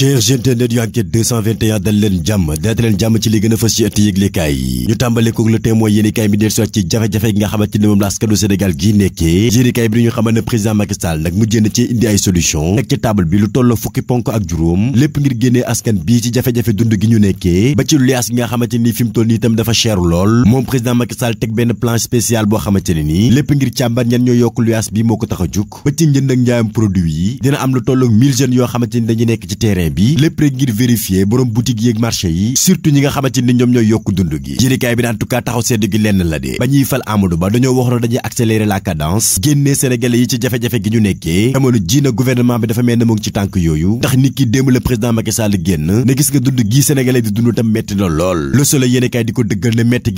chers internet yu enquête 221 dal leen jàmm daata jàmm ci li gën a fës ci ëtt yëglekaay yi ñu tàmbale koog le témoin yéenekaay bi del soit ci jafe-jafe gi nga xamante ne moom la askanu Sénégal gi nekkee yéenekaay bi ñu xamal ne président Macky Sall nag mu ci indi ay solution teg ci table bi lu tolloo fukki ponk ak juróom lépp ngir génnee askan bii ci jafe-jafe dund gi ñu nekkee ba lu liaas gi nga xamante ni fi mu toll nii itam dafa cher lool moom président Macky Sall teg ne nii lépp ngir càmbar ñan ñoo yokk luyaas dañu nekk ci terrain bi lépp ngir vérifier borom boutique yeeg marché yi surtout ñi nga xamante ni ñoom ñooy yokk dund gi yéenekaay bi en tout taxaw seetlu gi lenn la de ba ñuy fal Amadou Ba dañoo waxoon dañuy accélérer la cadence génnee sénégalais yi ci jafe-jafe gi ñu nekkee amoon ji na gouvernement bi dafa mel ne ci tànk yooyu ndax nit démb la président Macky génn ne gis nga dund gi sénégalais di dund tam metti na lool Le Soleil di ko dëggal ne metti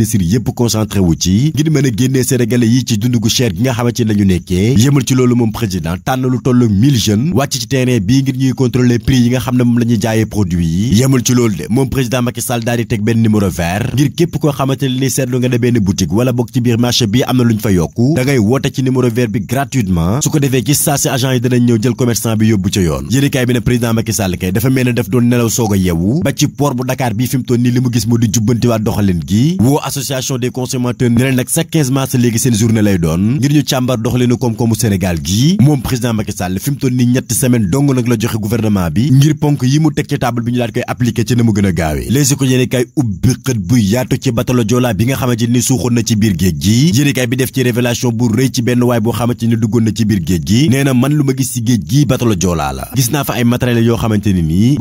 ministre yëpp concentré ci ngir mën a génnee yi ci dund gu cher gi nga xamante ne la ñu nekkee ci loolu moom président tànn lu toll 1000 jeunes wàcc ci terrain bii ngir ñuy contrôler prix yi nga xam ne moom la ñuy produit yi yëmal ci loolu de moom président Macky Sall teg benn numéro vert ngir képp koo xamante ne ni seetlu nga benn boutique wala bokk ci biir marché bi am na lu ñu fa yokku da ngay woote ci numéro vert bi gratuitement association des consommateurs ne leen nag chaque 15 mars léegi seen journée lay doon ngir ñu càmbar doxalinu koom-koomu Sénégal gi moom président Macky Sall fi mu toll nii semaine dong nag la joxe gouvernement bi ngir ponk yi mu teg ci table bi ñu daal koy appliqué ci na mu gën a gaawee Les Échos yéenekaay ubbi xët bu yaatu ci batalo Joola bi nga xamante ni suuxoon na ci biir géej gi yéenekaay bi def ci révélation bu rëy ci benn waay boo xamante ci yoo xamante ni nii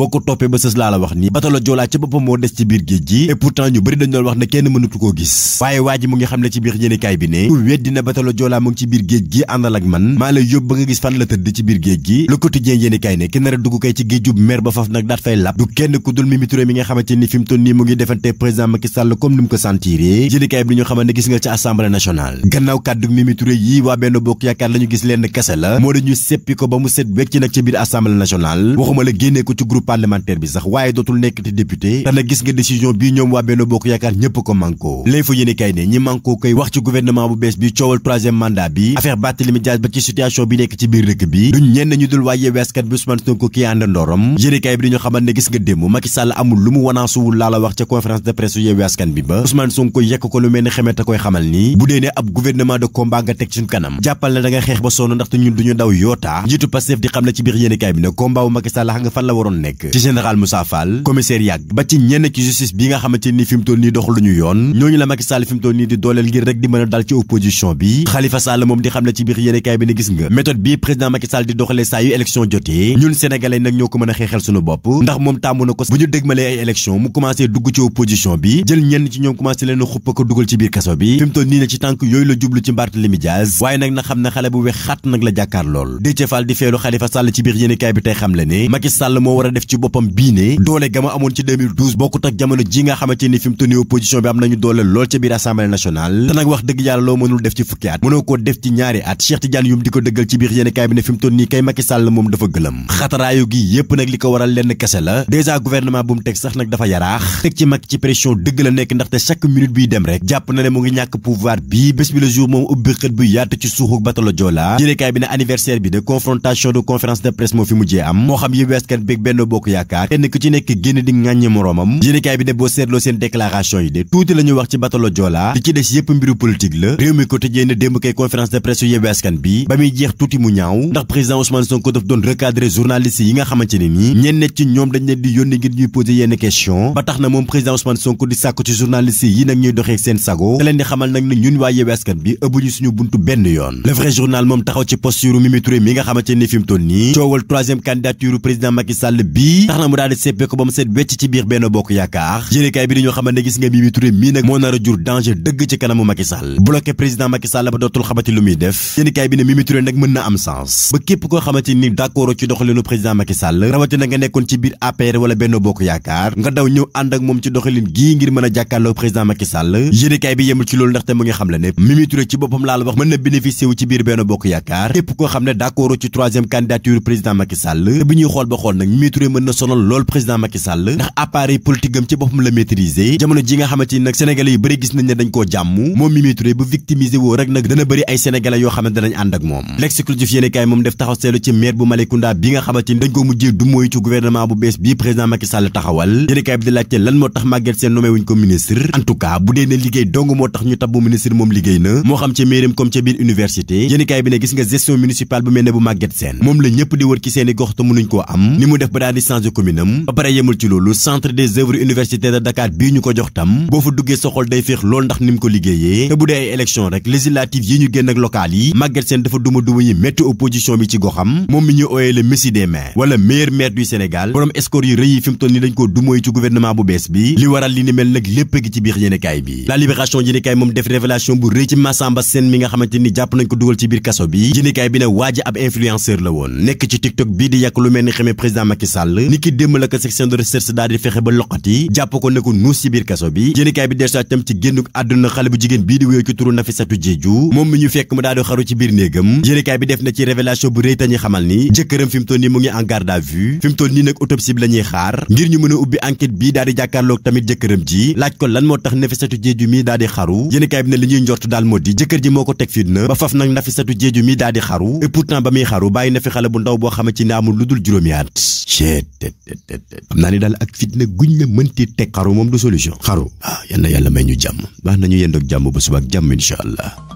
ne kenn dootu ko gis waaye waa ji mu ngi xam ne ci biir yéenekaay bi ne ku weddi batalo joolaa ci biir géej gi àndal ak man maa lay yóbbu nga gis fan la tëdd ci biir géej gi Le Quotidien yéenekaay ne ki nar dugg kay ci géejub mer ba faf nag daat fay lab du kenn ku dul Mimi mi nga xamante ni fi mu nii mu ngi defante président Macky Sall comme ni ko sentiree yéenekaay bi ñu xamal ne gis nga ci Assemblée nationale gannaaw kàddu Mimi yi waa Benno Bokk ko l'info yéene kay ne ñi manko koy wax ci gouvernement bu bees bi coowal troisième mandat bi affaire Barthélémy Dias ba ci situation bi nekk ci biir dëkk bi duñ ñenn ñu dul waaye weeskat bi Ousmane Sonko kii ànd ndorom gis nga démb Macky lu mu wanaasuwul laa la wax ca conférence de presse yeewu askan bi yekk ko lu mel ni xemet a koy xamal ni bu dee ne ab gouvernement de combat nga teg suñ kanam jàppal ne da nga xeex ba sonn ndaxte ñun duñu daw yoota njiitu Pastef di xam la ci biir yéene bi ne combat bu Macky Sall xam nga fan la waroon nekk ci général Moussa Fall commissaire ci ñenn ci justice bi ni fi mu toll nii dox lu kon ñooñu la Macky Sall fi mu toll nii di dooleel ngir rek di mën a dal ci opposition bi Khalifa Sall ci biir yéenekaay bi ne xam la ne Macky Sall moo war a def ci boppam bii ne doole gama amoon ci bokkut ak jamono ji nga xamante ni fi mu nii opposition bi am nañu doole lool ca biir assemblée nationale te nag wax dëgg yàlla loo mënul def ci fukki at mënoo koo def ci ñaari at Cheikh Tidiane Youm di ko dëggal ci biir yéenekaay bi ne fi mu nii kay Macky Sall moom dafa gëlëm xataraayu gi yépp nag li ko waral lenn kese la dèjà gouvernement bu mu teg sax nag dafa yaraax teg ci Macky ci pression dëgg la nekk ndaxte chaque minute biy dem rek jàpp na ne mu ngi ñàkk pouvoir bi bés bi le jour moom ubbi xët bu yaatu ci suuxu moo fi mujjee am moo xam Yewwi Askan Wi ak Benno ñu wax ci batalo Joola li ci des yépp mbiru politique la réew mi quotidien ne démb kay conférence de presse yu bi ba muy jeex tuuti mu ñaaw ndax président Ousmane Sonko daf doon recadrer journaliste yi nga xamante ne nii ñenn ci ñoom dañ leen di yónni ngir ñuy poser yenn question ba tax na moom président Ousmane Sonko di sàkku ci journaliste yi nag ñuy doxee seen sago te leen di xamal nag ne ñun waa Yewwi Askan bi ëbbuñu suñu buntu benn yoon nag moo nar a jur danger dëgg ci kanamu Macky Sall président Macky ba dootul xamati lu muy def yéen bi ne Mimi nag mën na am sens ba képp koo xamante ni d'accord ci doxalinu président Macky rawatina nga nekkoon ci biir APR wala Benno Bokk Yaakaar nga daw ñëw ànd ak moom ci doxalin gii ngir mën a jàkkaarloo président Macky Sall bi yemul ci loolu ndaxte mu ngi xam le ne Mimi ci boppam laa la wax mën na bénéficier sénégalais yu bëri gis nañ ne dañ koo jàmm moom Mimi bu victimisé woo rek nag dana bëri ay sénégalais yoo xamante danañ ànd ak moom l'exclusif yéene def taxaw ci maire bu Malekounda bi nga xamante ni dañ ko mujjee du mooy ci gouvernement bu bees bii président Macky taxawal yéene bi di laajte lan moo tax Maguette Sène nommé ko ministre en bu dee ne liggéey dong moo tax ñu tabbu ministre moom liggéey na moo xam ci seeni gox ci loolu centre sa xol day féex lool ndax ni mu ko liggéeyee te bu dee ay élection rek législative yi ñu génn ak locales yi Maguette Sène dafa duma duma yi métti opposition bi ci goxam moom mi ñu ooyee le Messi des maires wala meilleur maire du Sénégal borom score yu rëy yi fi mu toll ni dañ koo dumóoy ci gouvernement bu bees bi li waral li ni mel nag lépp a ci biir yéenekaay bi la libération yéenekaay moom def révélation bu rëy ci Massamba Sène mi nga xamante ni jàpp nañ ko dugal ci biir kaso bi yéenekaay bi ne waa ji ab influenceur la woon nekk ci TikTok bii di yàq recherche tam ci génn àdduna xale bu jigéen bii di wéyoo ci turu Nafisatu Jeeju moom mi ñu fekk mu daal xaru ci biir néegam yéenekaay bi def na ci révélation bu rëy tañu xamal ni jëkkëram fi mu toll nii mu ngi en garde à vue toll nii nag autopsie bi la xaar ngir ñu mën a ubbi enquête bii daal di jàkkaarloog tamit jëkkëram ji laaj ko lan moo tax Nafisatu Jeeju mii daal di xaru yéenekaay bi ne li ñuy njort daal moo jëkkër ji moo ko teg fitna ba faf nag Nafisatu Jeeju mii bu ndaw boo xama ci ne amul lu dul xam naa ni daal ak fitna guñ la mënti teg xaru moom du solution xaru ah, yàlla may ñu jàmm baax nañu yendoog jàmm ba subaak jàmm incha allah